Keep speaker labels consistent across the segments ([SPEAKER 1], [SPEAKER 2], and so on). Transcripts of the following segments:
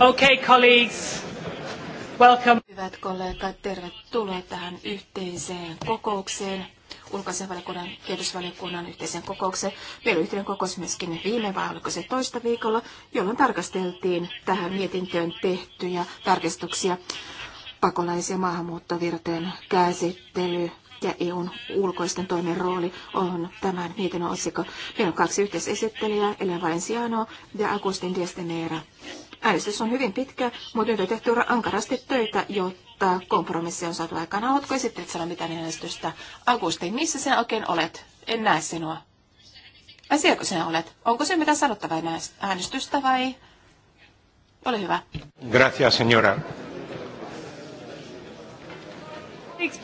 [SPEAKER 1] Okay, colleagues.
[SPEAKER 2] Welcome. Hyvät kollegat, tervetuloa tähän yhteiseen kokoukseen, ulkoasianvaliokunnan ja kehitysvaliokunnan yhteiseen kokoukseen. Meillä oli yhteinen kokous myöskin viime vai oliko se toista viikolla, jolloin tarkasteltiin tähän mietintöön tehtyjä tarkistuksia pakolaisia maahanmuuttovirtojen käsittely ja EUn ulkoisten toimien rooli on tämän mietinnön otsikko. Meillä on kaksi yhteisesittelijää, Elena Valenciano ja Agustin Diestenera. Äänestys on hyvin pitkä, mutta nyt on tehty ankarasti töitä, jotta kompromissi on saatu aikaan. Haluatko esittänyt sanoa mitään äänestystä? Augusti, missä sinä oikein olet? En näe sinua. Asiako sinä olet? Onko se mitään sanottavaa äänestystä vai? Ole hyvä.
[SPEAKER 1] Gracias, señora.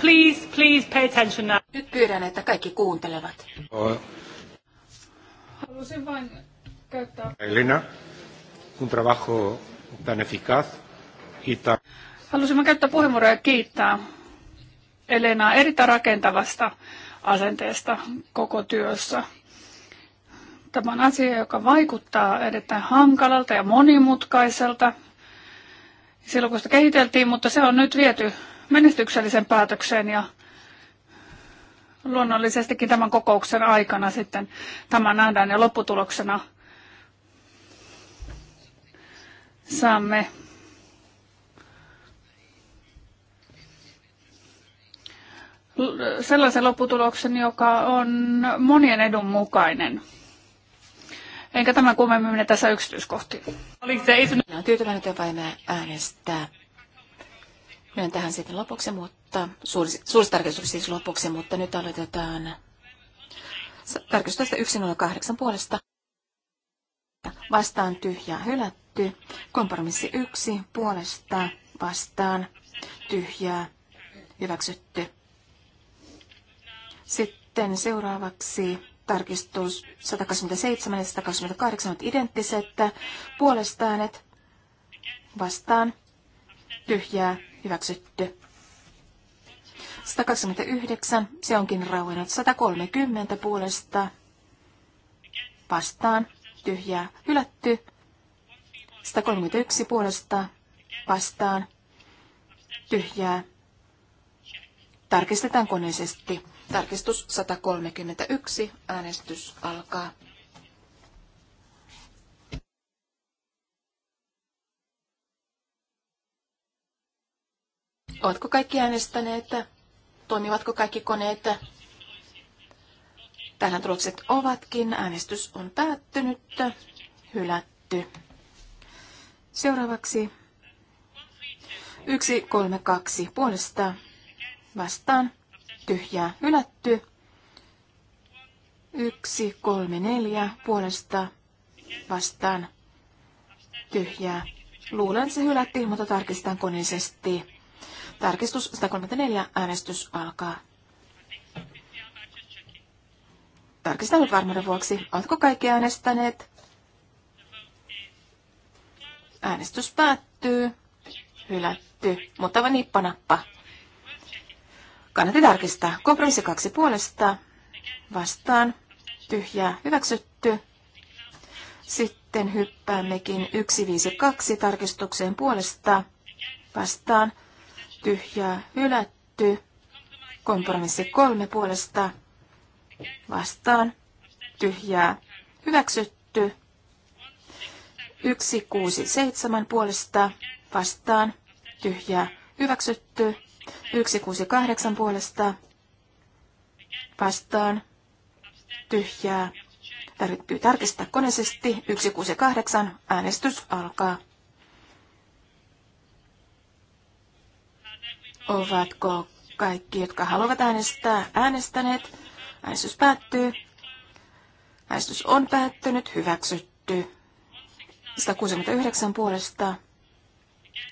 [SPEAKER 1] Please, please pay attention now. Nyt pyydän, että kaikki kuuntelevat. Oh. Halusin vain käyttää... Elina un trabajo tan eficaz y tan... Halusimme käyttää puheenvuoroja ja kiittää Elenaa erittäin rakentavasta asenteesta koko työssä. Tämä on asia, joka vaikuttaa erittäin hankalalta ja monimutkaiselta silloin, kun sitä kehiteltiin, mutta se on nyt viety menestyksellisen päätökseen ja luonnollisestikin tämän kokouksen aikana sitten tämä nähdään ja lopputuloksena – saamme sellaisen lopputuloksen, joka on monien edun mukainen. Enkä tämä kummemmin mene tässä yksityiskohtiin. Minä olen tyytyväinen työpäivää äänestää.
[SPEAKER 2] Menen tähän sitten lopuksi, mutta suullisi siis lopuksi, mutta nyt aloitetaan tarkistusta 108 puolesta. Vastaan tyhjää hylättä hyväksytty. Kompromissi yksi puolesta vastaan tyhjää hyväksytty. Sitten seuraavaksi tarkistus 127 ja 128 ovat identtiset. Puolesta äänet vastaan tyhjää hyväksytty. 129, se onkin rauennut 130 puolesta vastaan, tyhjää hylätty. 131 puolesta vastaan tyhjää. Tarkistetaan koneisesti. Tarkistus 131. Äänestys alkaa. Oletko kaikki äänestäneet? Toimivatko kaikki koneet? Tähän tulokset ovatkin. Äänestys on päättynyt. Hylätty. Seuraavaksi 1, 3, 2 puolesta vastaan tyhjää hylätty. 4 puolesta vastaan tyhjää. Luulen, että se hylätti, mutta tarkistetaan koneisesti. Tarkistus 134, äänestys alkaa. Tarkistan nyt varmuuden vuoksi, oletko kaikki äänestäneet? Äänestys päättyy. Hylätty, mutta vain nippanappa. Kannatti tarkistaa. Kompromissi kaksi puolesta. Vastaan. Tyhjää. Hyväksytty. Sitten hyppäämmekin 152 tarkistukseen puolesta. Vastaan. Tyhjää. Hylätty. Kompromissi kolme puolesta. Vastaan. Tyhjää. Hyväksytty 167 puolesta vastaan tyhjää hyväksytty. 168 puolesta vastaan tyhjää. Tarvittyy tarkistaa koneisesti. 168 äänestys alkaa. Ovatko kaikki, jotka haluavat äänestää, äänestäneet? Äänestys päättyy. Äänestys on päättynyt, hyväksytty. 169 puolesta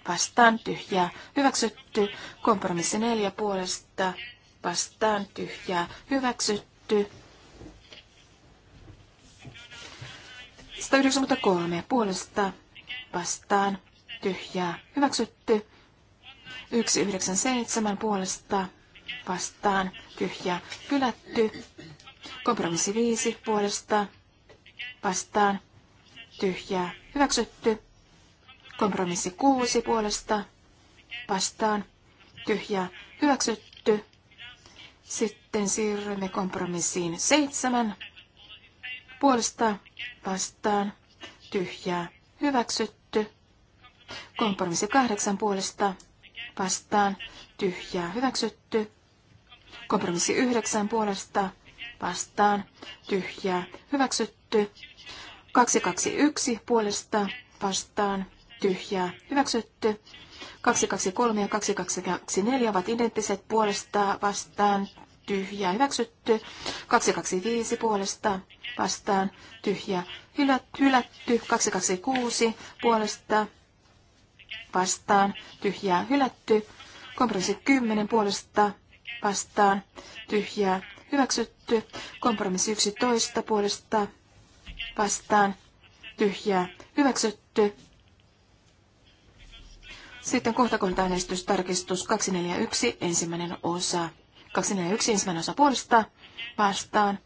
[SPEAKER 2] vastaan tyhjää. Hyväksytty. Kompromissi 4 puolesta vastaan tyhjää. Hyväksytty. 193 puolesta vastaan tyhjää. Hyväksytty. 197 puolesta vastaan tyhjää. Hylätty. Kompromissi 5 puolesta vastaan tyhjää, hyväksytty. Kompromissi kuusi puolesta vastaan, tyhjää, hyväksytty. Sitten siirrymme kompromissiin seitsemän puolesta vastaan, tyhjää, hyväksytty. Kompromissi kahdeksan puolesta vastaan, tyhjää, hyväksytty. Kompromissi yhdeksän puolesta vastaan, tyhjää, hyväksytty. 221 puolesta vastaan tyhjää hyväksytty. 223 ja 224 ovat identtiset puolesta vastaan tyhjää hyväksytty. 225 puolesta vastaan tyhjää hylätty. 226 puolesta vastaan tyhjää hylätty. Kompromissi 10 puolesta vastaan tyhjää hyväksytty. Kompromissi 11 puolesta vastaan tyhjää hyväksytty. Sitten kohtakohtaäänestys tarkistus 241 ensimmäinen osa. 241 ensimmäinen osa puolesta vastaan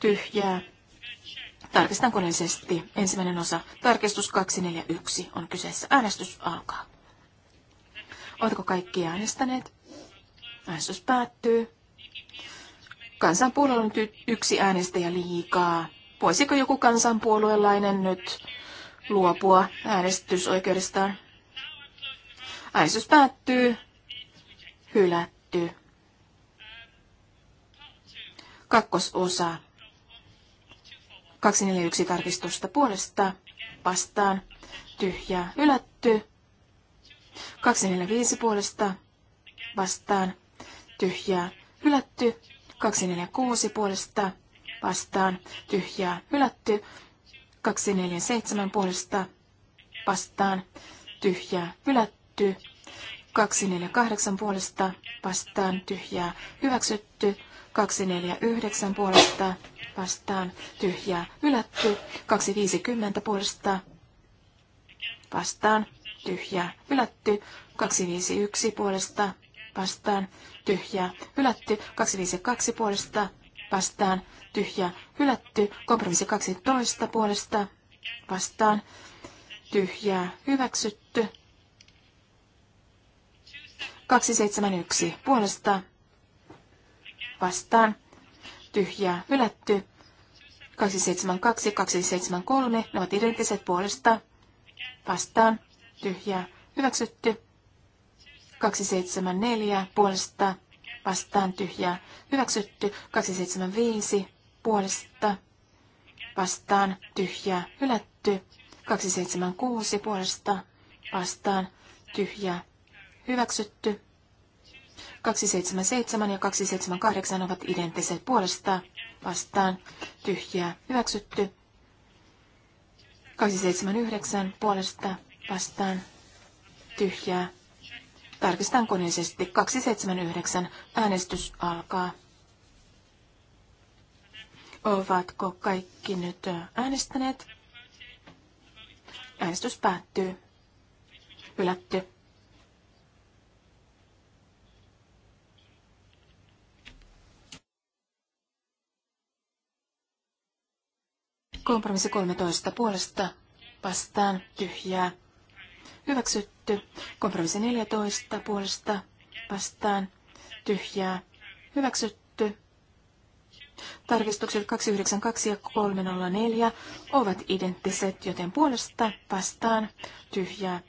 [SPEAKER 2] tyhjää. Tarkistan koneellisesti. Ensimmäinen osa. Tarkistus 241 on kyseessä. Äänestys alkaa. Oletko kaikki äänestäneet? Äänestys päättyy. Kansanpuolella on yksi äänestäjä liikaa. Voisiko joku kansanpuolueelainen nyt luopua äänestysoikeudestaan? Äänestys päättyy. Hylätty. Kakkososa. 241 tarkistusta puolesta vastaan. Tyhjää hylätty. 245 puolesta vastaan. Tyhjää hylätty. 246 puolesta vastaan tyhjää hylätty. 247 puolesta vastaan tyhjää hylätty. 248 puolesta vastaan tyhjää hyväksytty. 249 puolesta vastaan tyhjää hylätty. 250 puolesta vastaan tyhjää hylätty. 251 puolesta vastaan tyhjää hylätty. 252 puolesta vastaan, tyhjä hylätty. Kompromissi 12 puolesta vastaan, tyhjää hyväksytty. 271 puolesta vastaan, tyhjää hylätty. 272, 273, ne ovat identtiset puolesta vastaan, tyhjää hyväksytty. 274 puolesta vastaan tyhjää. Hyväksytty 275 puolesta vastaan tyhjää. Hylätty 276 puolesta vastaan tyhjää. Hyväksytty 277 ja 278 ovat identtiset puolesta vastaan tyhjää. Hyväksytty 279 puolesta vastaan tyhjää Tarkistan koneisesti. 279. Äänestys alkaa. Ovatko kaikki nyt äänestäneet? Äänestys päättyy. Ylätty. Kompromissi 13 puolesta vastaan tyhjää Hyväksytty. Kompromissi 14 puolesta vastaan. Tyhjää. Hyväksytty. Tarkistukset 292 ja 304 ovat identtiset, joten puolesta vastaan tyhjää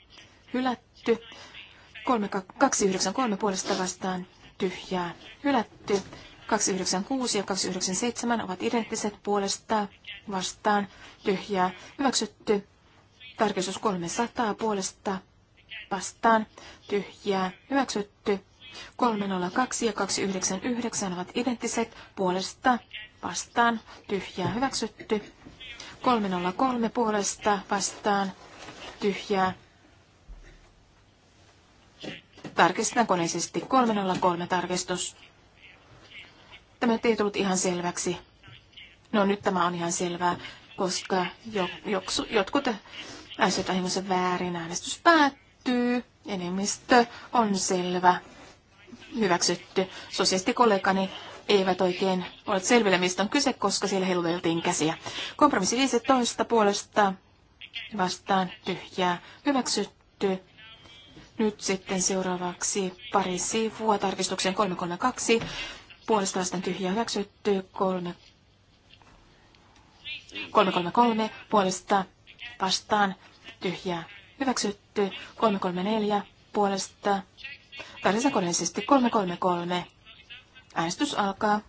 [SPEAKER 2] hylätty. 293 puolesta vastaan tyhjää hylätty. 296 ja 297 ovat identtiset puolesta vastaan tyhjää hyväksytty. Tarkistus 300 puolesta vastaan tyhjää hyväksytty. 302 ja 299 ovat identtiset puolesta vastaan tyhjää hyväksytty. 303 puolesta vastaan tyhjää. Tarkistetaan koneisesti 303 tarkistus. Tämä nyt ei tullut ihan selväksi. No nyt tämä on ihan selvää, koska jo, joksu, jotkut asioita hieman väärin. Äänestys päättyy. Enemmistö on selvä. Hyväksytty. kollegani eivät oikein ole selville, mistä on kyse, koska siellä heiluteltiin käsiä. Kompromissi 15 puolesta vastaan tyhjää hyväksytty. Nyt sitten seuraavaksi pari sivua tarkistukseen 332. Puolesta vastaan tyhjää hyväksytty. 3, 333 puolesta vastaan tyhjää. Hyväksytty 334 puolesta. Tarkistakoneellisesti 333. Äänestys alkaa.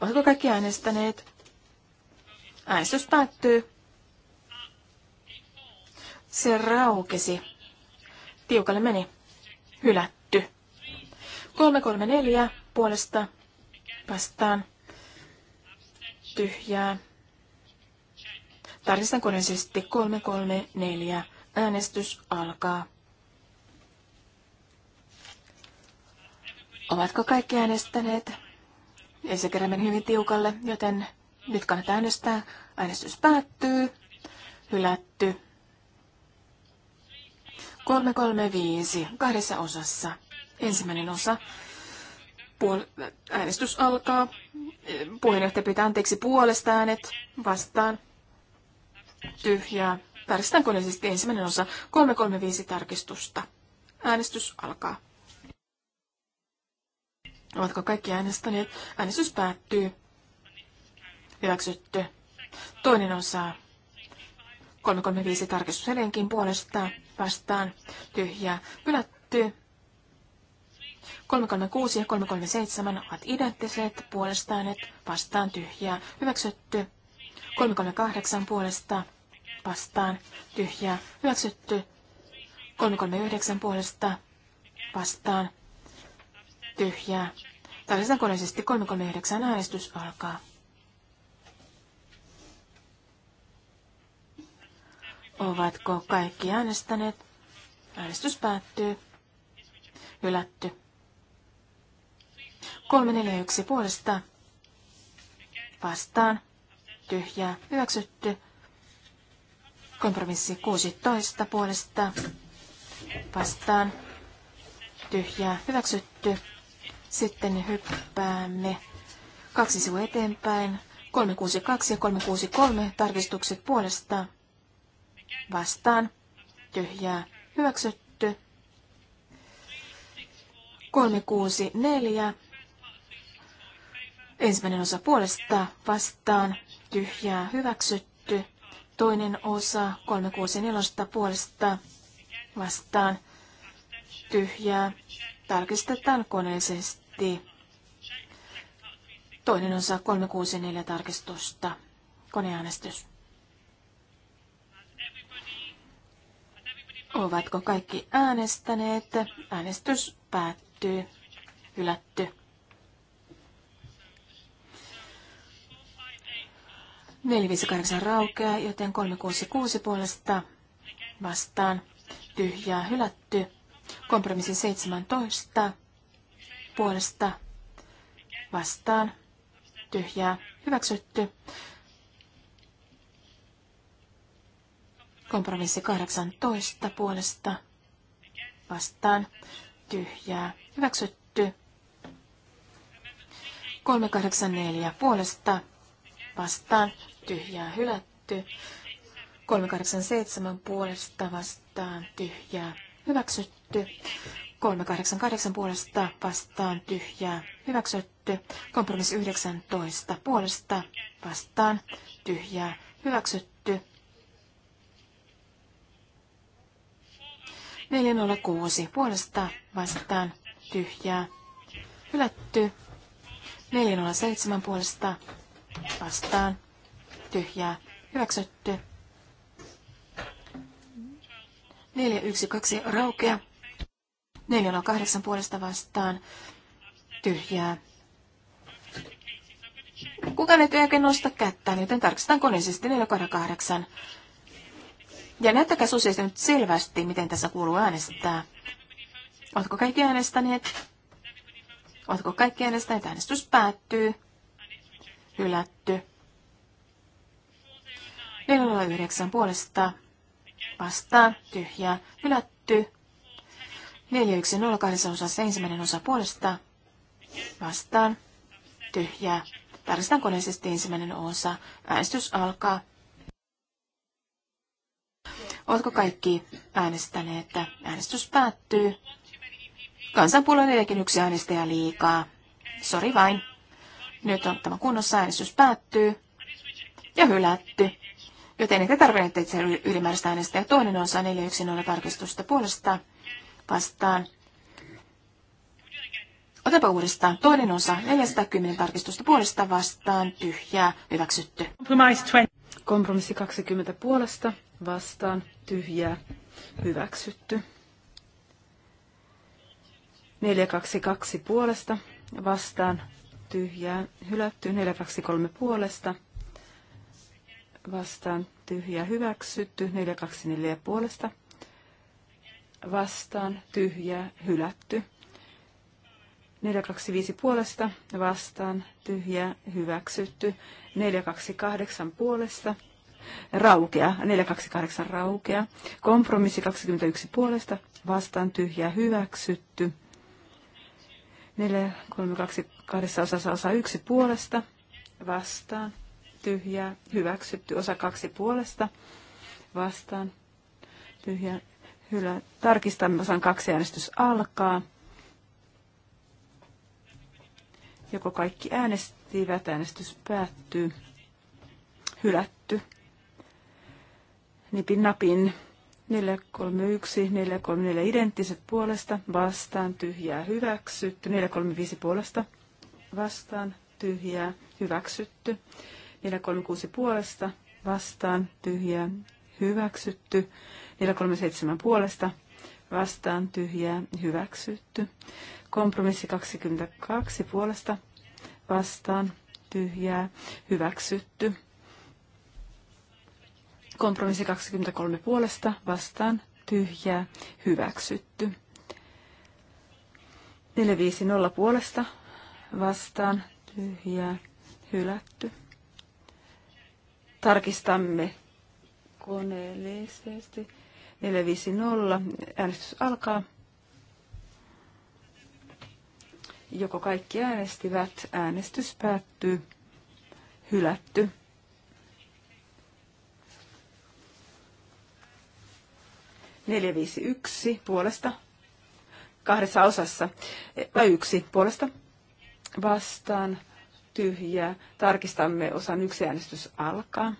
[SPEAKER 2] Oletko kaikki äänestäneet? Äänestys päättyy. Se raukesi. Tiukalle meni. Hylätty. 334 puolesta vastaan tyhjää. Tarkistan koneisesti 334. Äänestys alkaa. Ovatko kaikki äänestäneet? Ei se kerran hyvin tiukalle, joten nyt kannattaa äänestää. Äänestys päättyy. Hylätty. 335. Kahdessa osassa. Ensimmäinen osa Puol- äänestys alkaa. Puheenjohtaja pitää anteeksi puolesta äänet vastaan. Tyhjää. Tarkistetaan koneellisesti ensimmäinen osa 335 tarkistusta. Äänestys alkaa. Ovatko kaikki äänestäneet? Äänestys päättyy. Hyväksytty. Toinen osa. 335 tarkistus edelleenkin puolesta vastaan. Tyhjää. Hylätty. 336 ja 337 ovat identtiset puolestaan, että vastaan tyhjää. Hyväksytty. 338 puolesta vastaan tyhjää. Hyväksytty. 339 puolesta vastaan tyhjää. Tarkistetaan koneisesti 339 äänestys alkaa. Ovatko kaikki äänestäneet? Äänestys päättyy. Hylätty. 341 puolesta vastaan tyhjää hyväksytty. Kompromissi 16 puolesta vastaan tyhjää hyväksytty. Sitten hyppäämme kaksi sivua eteenpäin. 362 ja 363 tarkistukset puolesta vastaan tyhjää hyväksytty. 364 Ensimmäinen osa puolesta vastaan tyhjää hyväksytty. Toinen osa 364 puolesta vastaan tyhjää tarkistetaan koneisesti. Toinen osa 364 tarkistusta. Koneäänestys. Ovatko kaikki äänestäneet? Äänestys päättyy. Hylätty. 458 raukeaa, joten 366 puolesta vastaan tyhjää hylätty. Kompromissi 17 puolesta vastaan tyhjää hyväksytty. Kompromissi 18 puolesta vastaan tyhjää hyväksytty. 384 puolesta vastaan tyhjää hylätty. 387 puolesta vastaan tyhjää hyväksytty. 388 puolesta vastaan tyhjää hyväksytty. Kompromissi 19 puolesta vastaan tyhjää hyväksytty. 406 puolesta vastaan tyhjää hylätty. 407 puolesta vastaan tyhjää, hyväksytty. 412 raukea. 408 puolesta vastaan, tyhjää. Kukaan ei oikein nosta kättään, joten tarkistetaan koneisesti 488. Ja näyttäkää susista nyt selvästi, miten tässä kuuluu äänestää. Oletko kaikki äänestäneet? Oletko kaikki äänestäneet? Äänestys päättyy. Hylätty. 409 puolesta vastaan tyhjä hylätty. 410 osassa ensimmäinen osa puolesta vastaan tyhjä. Tarkistan koneisesti ensimmäinen osa. Äänestys alkaa. Oletko kaikki äänestäneet, että äänestys päättyy? Kansanpuolueen yksi äänestäjä liikaa. Sori vain. Nyt on tämä kunnossa äänestys päättyy ja hylätty joten ette tarvinnut itse ylimääräistä Ja Toinen osa 410 tarkistusta puolesta vastaan. Otapa uudestaan. Toinen osa 410 tarkistusta puolesta vastaan. Tyhjää. Hyväksytty. Kompromissi 20 puolesta
[SPEAKER 3] vastaan. Tyhjää. Hyväksytty. 422 puolesta vastaan. Tyhjää. Hylätty. 423 puolesta vastaan tyhjä hyväksytty, 424 puolesta vastaan tyhjä hylätty. 425 puolesta vastaan tyhjä hyväksytty. 428 puolesta raukea, 428 raukea. Kompromissi 21 puolesta vastaan tyhjä hyväksytty. 432 kahdessa osassa osa 1 puolesta vastaan tyhjää, hyväksytty. Osa kaksi puolesta vastaan, tyhjä hylä. Tarkistamme osan kaksi äänestys alkaa. Joko kaikki äänestivät, äänestys päättyy, hylätty. Nipin napin. 431, 434 identtiset puolesta, vastaan tyhjää hyväksytty, 435 puolesta, vastaan tyhjää hyväksytty, 436 puolesta vastaan tyhjää hyväksytty. 437 puolesta vastaan tyhjää hyväksytty. Kompromissi 22 puolesta vastaan tyhjää hyväksytty. Kompromissi 23 puolesta vastaan tyhjää hyväksytty. 450 puolesta vastaan tyhjää hylätty. Tarkistamme koneellisesti. 450. Äänestys alkaa. Joko kaikki äänestivät, äänestys päättyy, hylätty. Neljä, viisi, yksi, puolesta. Kahdessa osassa. Tai yksi, puolesta. Vastaan tyhjää. Tarkistamme osan yksi äänestys alkaa.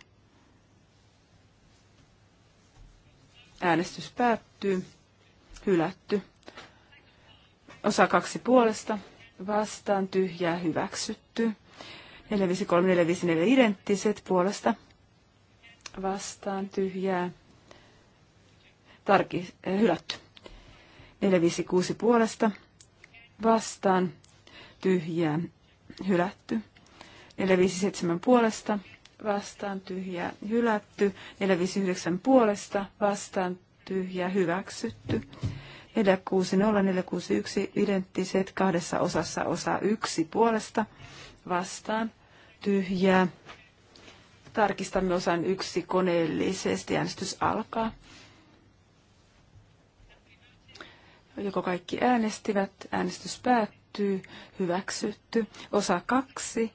[SPEAKER 3] Äänestys päättyy. Hylätty. Osa kaksi puolesta. Vastaan tyhjää hyväksytty. 453, identtiset puolesta. Vastaan tyhjää. Tarki, äh, hylätty. 456 puolesta. Vastaan tyhjää hylätty. 457 puolesta vastaan tyhjää hylätty. 459 puolesta vastaan tyhjää hyväksytty. 460, 461 identtiset kahdessa osassa osa yksi puolesta vastaan tyhjää. Tarkistamme osan yksi koneellisesti. Äänestys alkaa. Joko kaikki äänestivät? Äänestys päättyy hyväksytty, hyväksytty. Osa kaksi,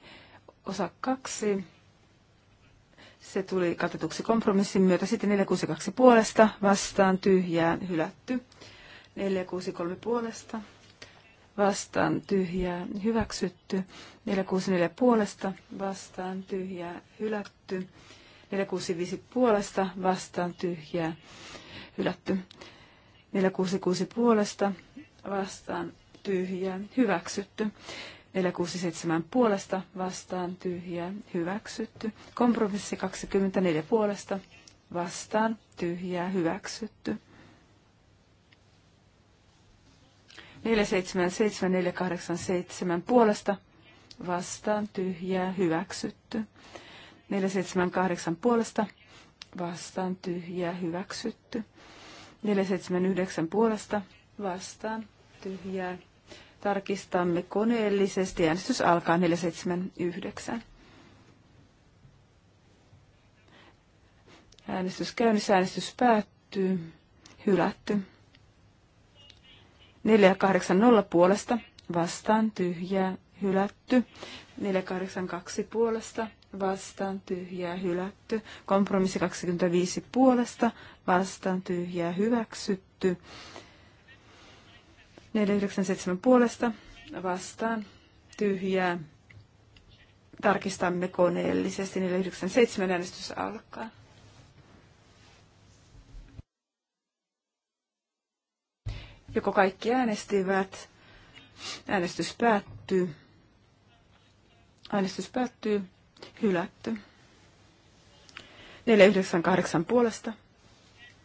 [SPEAKER 3] osa kaksi, se tuli katetuksi kompromissin myötä. Sitten 462 puolesta vastaan tyhjään hylätty. 463 puolesta vastaan tyhjää hyväksytty. 464 puolesta vastaan tyhjää hylätty. 465 puolesta vastaan tyhjää hylätty. 466 puolesta vastaan tyhjää, hyväksytty. 467 puolesta vastaan tyhjä hyväksytty. Kompromissi 24 puolesta vastaan tyhjää, hyväksytty. 477, 487 puolesta vastaan tyhjää, hyväksytty. 478 puolesta vastaan tyhjää, hyväksytty. 479 puolesta vastaan tyhjä Tarkistamme koneellisesti. Äänestys alkaa 479. Äänestys käynnissä, äänestys päättyy. Hylätty. 480 puolesta, vastaan tyhjää, hylätty. 482 puolesta, vastaan tyhjää, hylätty. Kompromissi 25 puolesta, vastaan tyhjää, hyväksytty. 497 puolesta vastaan tyhjää. Tarkistamme koneellisesti. 497 äänestys alkaa. Joko kaikki äänestivät? Äänestys päättyy. Äänestys päättyy. Hylätty. 498 puolesta.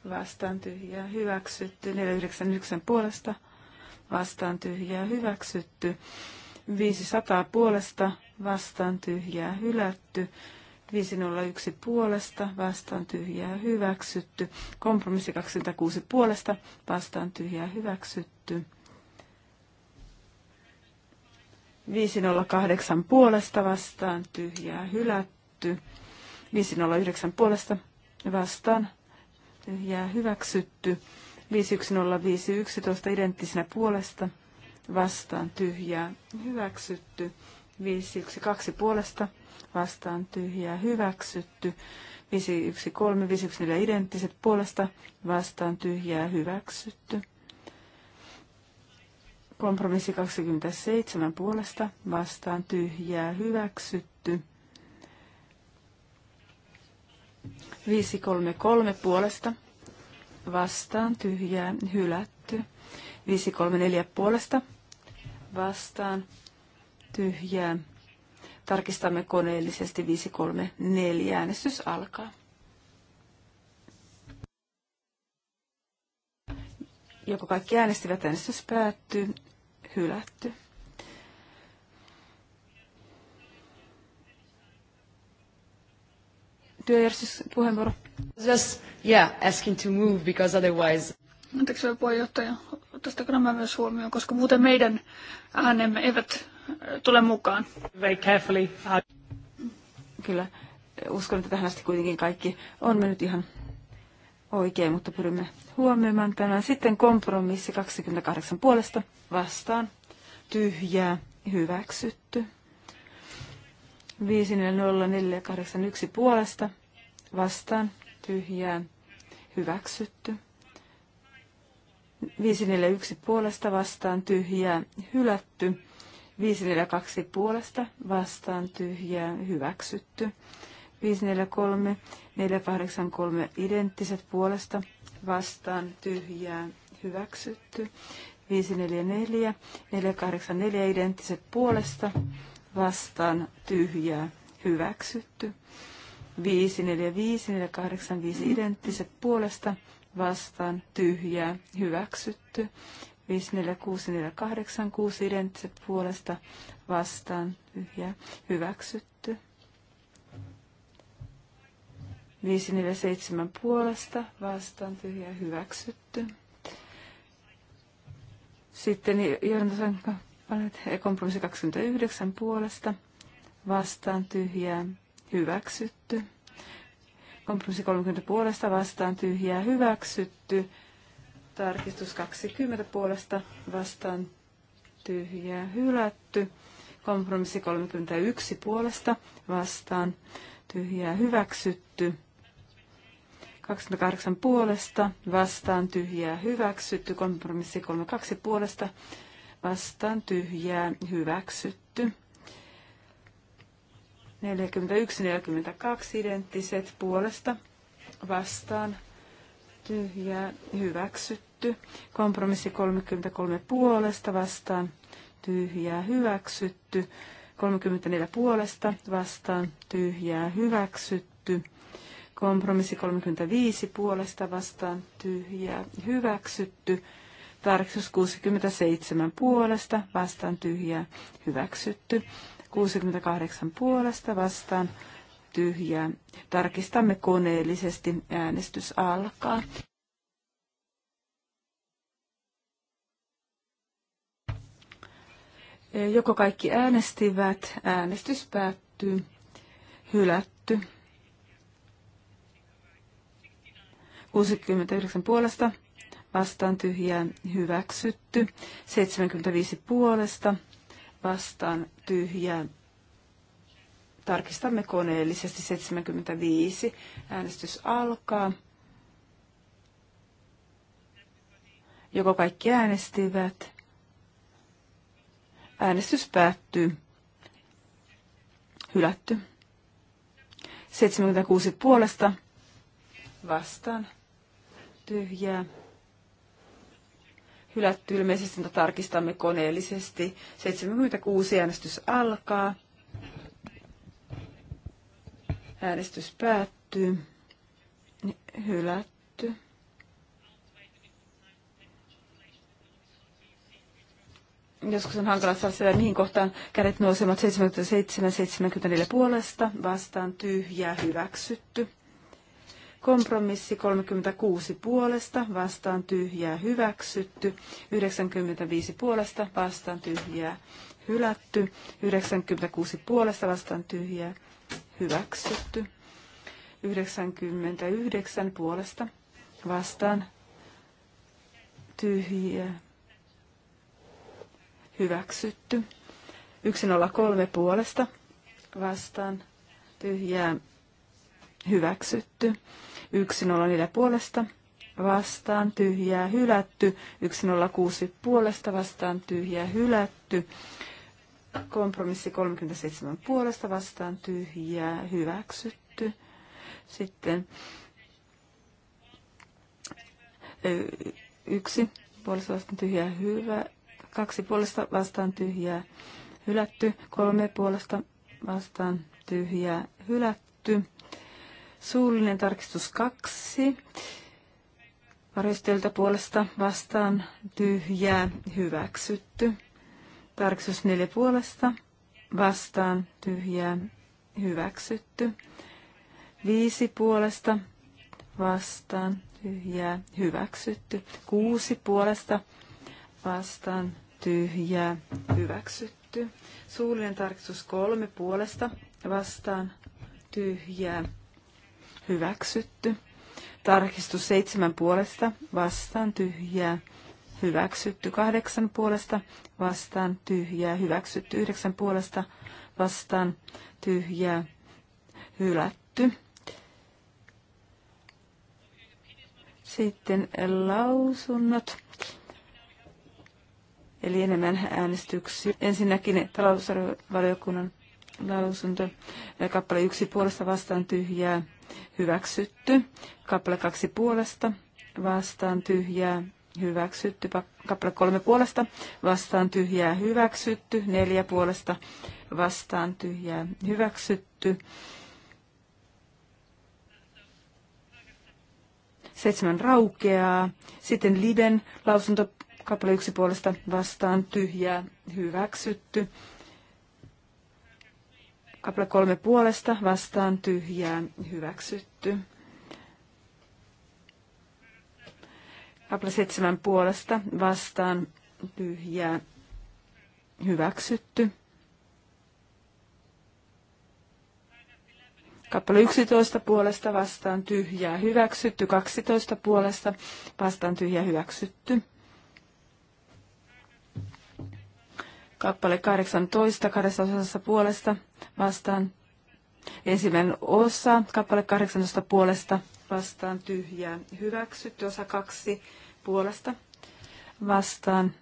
[SPEAKER 3] Vastaan tyhjää. Hyväksytty. 499 puolesta vastaan tyhjää hyväksytty. 500 puolesta vastaan tyhjää hylätty. 501 puolesta, vastaan tyhjää hyväksytty. Kompromissi 26 puolesta, vastaan tyhjää hyväksytty. 508 puolesta, vastaan tyhjää hylätty. 509 puolesta, vastaan tyhjää hyväksytty. 51051 identtisenä puolesta vastaan tyhjää hyväksytty. 512 puolesta vastaan tyhjää hyväksytty. 513, 514 identtiset puolesta vastaan tyhjää hyväksytty. Kompromissi 27 puolesta vastaan tyhjää hyväksytty. 533 puolesta vastaan tyhjää hylätty. 534 puolesta vastaan tyhjää. Tarkistamme koneellisesti 534. Äänestys alkaa. Joko kaikki äänestivät, äänestys päättyy, hylätty. työjärjestyspuheenvuoro. Just, yeah,
[SPEAKER 1] asking to move because otherwise... Anteeksi puheenjohtaja, ottaisitko nämä myös huomioon, koska muuten meidän äänemme eivät äh, tule mukaan. Very carefully.
[SPEAKER 3] Kyllä, uskon, että tähän asti kuitenkin kaikki on mennyt ihan oikein, mutta pyrimme huomioimaan tämän. Sitten kompromissi 28 puolesta vastaan. Tyhjää, hyväksytty. 50481 puolesta vastaan tyhjään hyväksytty. 541 puolesta vastaan tyhjää hylätty. 542 puolesta vastaan tyhjää hyväksytty. 543 483 identtiset puolesta vastaan tyhjää hyväksytty. 544 484 identtiset puolesta vastaan tyhjää hyväksytty. 5, 4, 5, 4, 8, 5 identtiset puolesta vastaan tyhjää hyväksytty. 5, 4, 6, 4, 8, 6 identtiset puolesta vastaan tyhjää hyväksytty. 5, 4, 7 puolesta vastaan tyhjää hyväksytty. Sitten Jörnösen Olet kompromissi 29 puolesta vastaan tyhjää hyväksytty. Kompromissi 30 puolesta vastaan tyhjää hyväksytty. Tarkistus 20 puolesta vastaan tyhjää hylätty. Kompromissi 31 puolesta vastaan tyhjää hyväksytty. 28 puolesta vastaan tyhjää hyväksytty. Kompromissi 32 puolesta vastaan tyhjää hyväksytty. 41-42 identtiset puolesta vastaan tyhjää hyväksytty. Kompromissi 33 puolesta vastaan tyhjää hyväksytty. 34 puolesta vastaan tyhjää hyväksytty. Kompromissi 35 puolesta vastaan tyhjää hyväksytty. Tarkistus 67 puolesta vastaan tyhjää hyväksytty. 68 puolesta vastaan tyhjää. Tarkistamme koneellisesti. Äänestys alkaa. Joko kaikki äänestivät, äänestys päättyy, hylätty. 69 puolesta vastaan tyhjää hyväksytty. 75 puolesta vastaan tyhjää. Tarkistamme koneellisesti 75. Äänestys alkaa. Joko kaikki äänestivät? Äänestys päättyy. Hylätty. 76 puolesta vastaan tyhjää hylätty ilmeisesti, mutta tarkistamme koneellisesti. 76 äänestys alkaa. Äänestys päättyy. Hylätty. Joskus on hankala saada selvää, mihin kohtaan kädet nousemat 77-74 puolesta. Vastaan tyhjää hyväksytty. Kompromissi 36 puolesta vastaan tyhjää hyväksytty. 95 puolesta vastaan tyhjää hylätty. 96 puolesta vastaan tyhjää hyväksytty. 99 puolesta vastaan tyhjää hyväksytty. 103 puolesta vastaan tyhjää hyväksytty. 104 puolesta vastaan tyhjää hylätty, 106 puolesta vastaan tyhjää hylätty, kompromissi 37 puolesta vastaan tyhjää hyväksytty. Sitten yksi puolesta vastaan tyhjää hyvä, kaksi puolesta vastaan tyhjää hylätty, kolme puolesta vastaan tyhjää hylätty. Suullinen tarkistus kaksi Varjostelta puolesta vastaan tyhjää hyväksytty. Tarkistus neljä puolesta vastaan tyhjää hyväksytty. viisi puolesta vastaan tyhjää hyväksytty. kuusi puolesta vastaan tyhjää hyväksytty. Suullinen tarkistus kolme puolesta vastaan tyhjää hyväksytty. Tarkistus seitsemän puolesta vastaan tyhjää hyväksytty. Kahdeksan puolesta vastaan tyhjää hyväksytty. Yhdeksän puolesta vastaan tyhjää hylätty. Sitten lausunnot. Eli enemmän äänestyksiä. Ensinnäkin talousvaliokunnan lausunto. Kappale yksi puolesta vastaan tyhjää hyväksytty. Kappale kaksi puolesta vastaan tyhjää hyväksytty. Kappale kolme puolesta vastaan tyhjää hyväksytty. Neljä puolesta vastaan tyhjää hyväksytty. Seitsemän raukeaa. Sitten Liben lausunto kappale yksi puolesta vastaan tyhjää hyväksytty. Kapla kolme puolesta vastaan tyhjää hyväksytty. Kapla seitsemän puolesta vastaan tyhjää hyväksytty. Kappale 11 puolesta vastaan tyhjää hyväksytty, 12 puolesta vastaan tyhjää hyväksytty. kappale 18 kahdessa osassa puolesta vastaan. Ensimmäinen osa kappale 18 puolesta vastaan tyhjää hyväksytty. Osa kaksi puolesta vastaan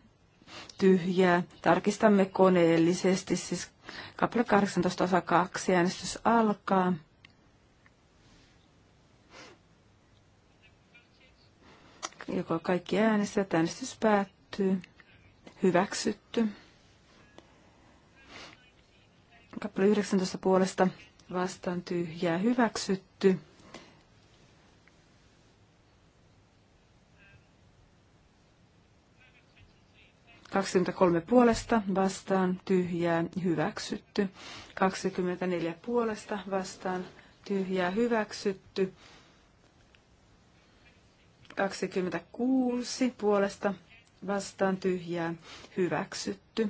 [SPEAKER 3] tyhjää. Tarkistamme koneellisesti, siis kappale 18 osa 2 äänestys alkaa. Joko kaikki äänestävät, äänestys päättyy. Hyväksytty. Kappale 19 puolesta vastaan tyhjää hyväksytty. kolme puolesta vastaan tyhjää hyväksytty. 24 puolesta vastaan tyhjää hyväksytty. 26 puolesta vastaan tyhjää hyväksytty.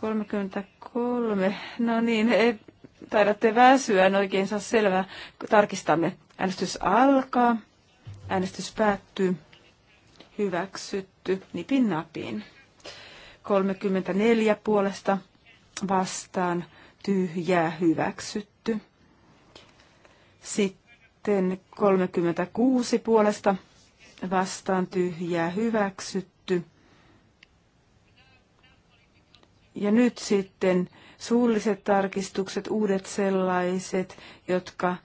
[SPEAKER 3] 33. No niin, ei, taidatte väsyä, en oikein saa selvää. Tarkistamme. Äänestys alkaa. Äänestys päättyy. Hyväksytty. Nipin napin. 34 puolesta vastaan tyhjää hyväksytty. Sitten 36 puolesta vastaan tyhjää hyväksytty. Ja nyt sitten suulliset tarkistukset, uudet sellaiset, jotka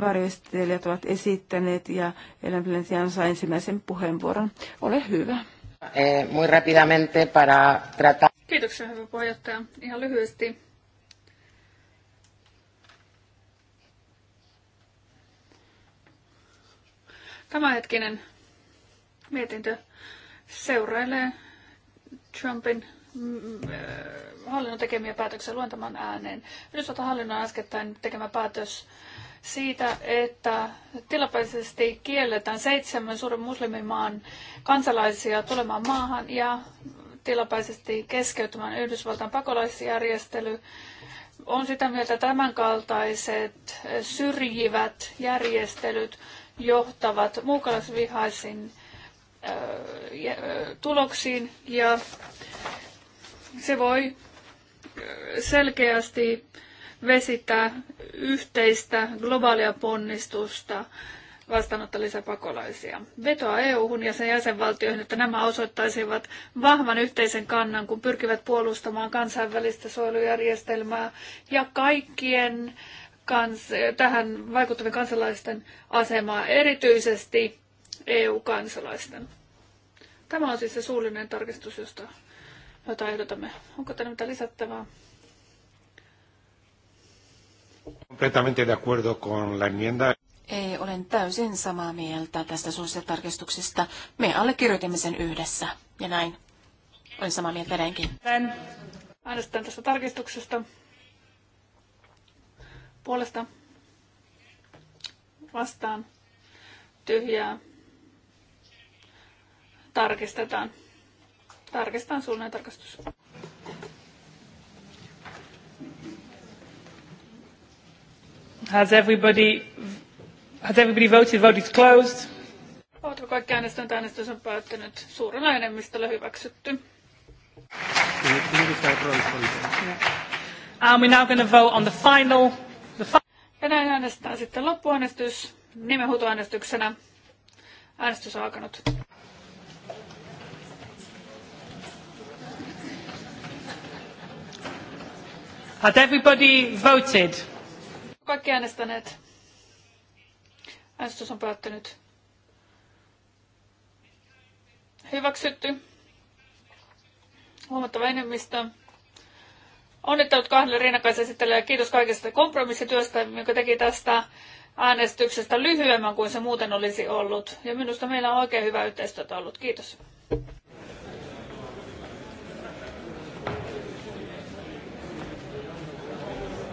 [SPEAKER 3] varjostelijat ovat esittäneet ja eläinpilentian saa ensimmäisen
[SPEAKER 2] puheenvuoron. Ole hyvä. Eh, muy rápidamente para tratar...
[SPEAKER 1] Kiitoksia, hyvä puheenjohtaja. Ihan lyhyesti. Tämänhetkinen mietintö seurailee Trumpin Mm, mm. hallinnon tekemiä päätöksiä luen tämän ääneen. Yhdysvaltain hallinnon äskettäin tekemä päätös siitä, että tilapäisesti kielletään seitsemän suuren muslimimaan kansalaisia tulemaan maahan ja tilapäisesti keskeytymään Yhdysvaltain pakolaisjärjestely. On sitä mieltä tämänkaltaiset syrjivät järjestelyt johtavat muukalaisvihaisiin äh, äh, tuloksiin ja se voi äh, selkeästi vesittää yhteistä globaalia ponnistusta vastaanottaa lisäpakolaisia. Vetoa EU-hun ja sen jäsenvaltioihin, että nämä osoittaisivat vahvan yhteisen kannan, kun pyrkivät puolustamaan kansainvälistä suojelujärjestelmää ja kaikkien kans, tähän vaikuttavien kansalaisten asemaa, erityisesti EU-kansalaisten. Tämä on siis se suullinen tarkistus, josta jota ehdotamme. Onko teillä mitä lisättävää? Completamente de acuerdo con la enmienda.
[SPEAKER 2] Ei, olen täysin samaa mieltä tästä suullisesta tarkistuksesta. Me allekirjoitimme sen yhdessä ja näin. Olen samaa mieltä edenkin.
[SPEAKER 1] Äänestän tästä tarkistuksesta puolesta vastaan tyhjää tarkistetaan. Tarkistan suunnan tarkastus. Has everybody, has everybody voted? Vote is closed. Oletko kaikki äänestäneet? Äänestys on päättynyt. Suurella enemmistöllä hyväksytty. And we're now going to vote on the final. The fi- ja näin äänestetään sitten loppuäänestys nimenhuutoäänestyksenä. Äänestys on alkanut. Had everybody voted? Kaikki äänestäneet. Äänestys on päättynyt. Hyväksytty. Huomattava enemmistö. Onnittelut kahdelle rinnakkaisesittelijä ja kiitos kaikesta kompromissityöstä, joka teki tästä äänestyksestä lyhyemmän kuin se muuten olisi ollut. Ja minusta meillä on oikein hyvä yhteistyötä ollut. Kiitos.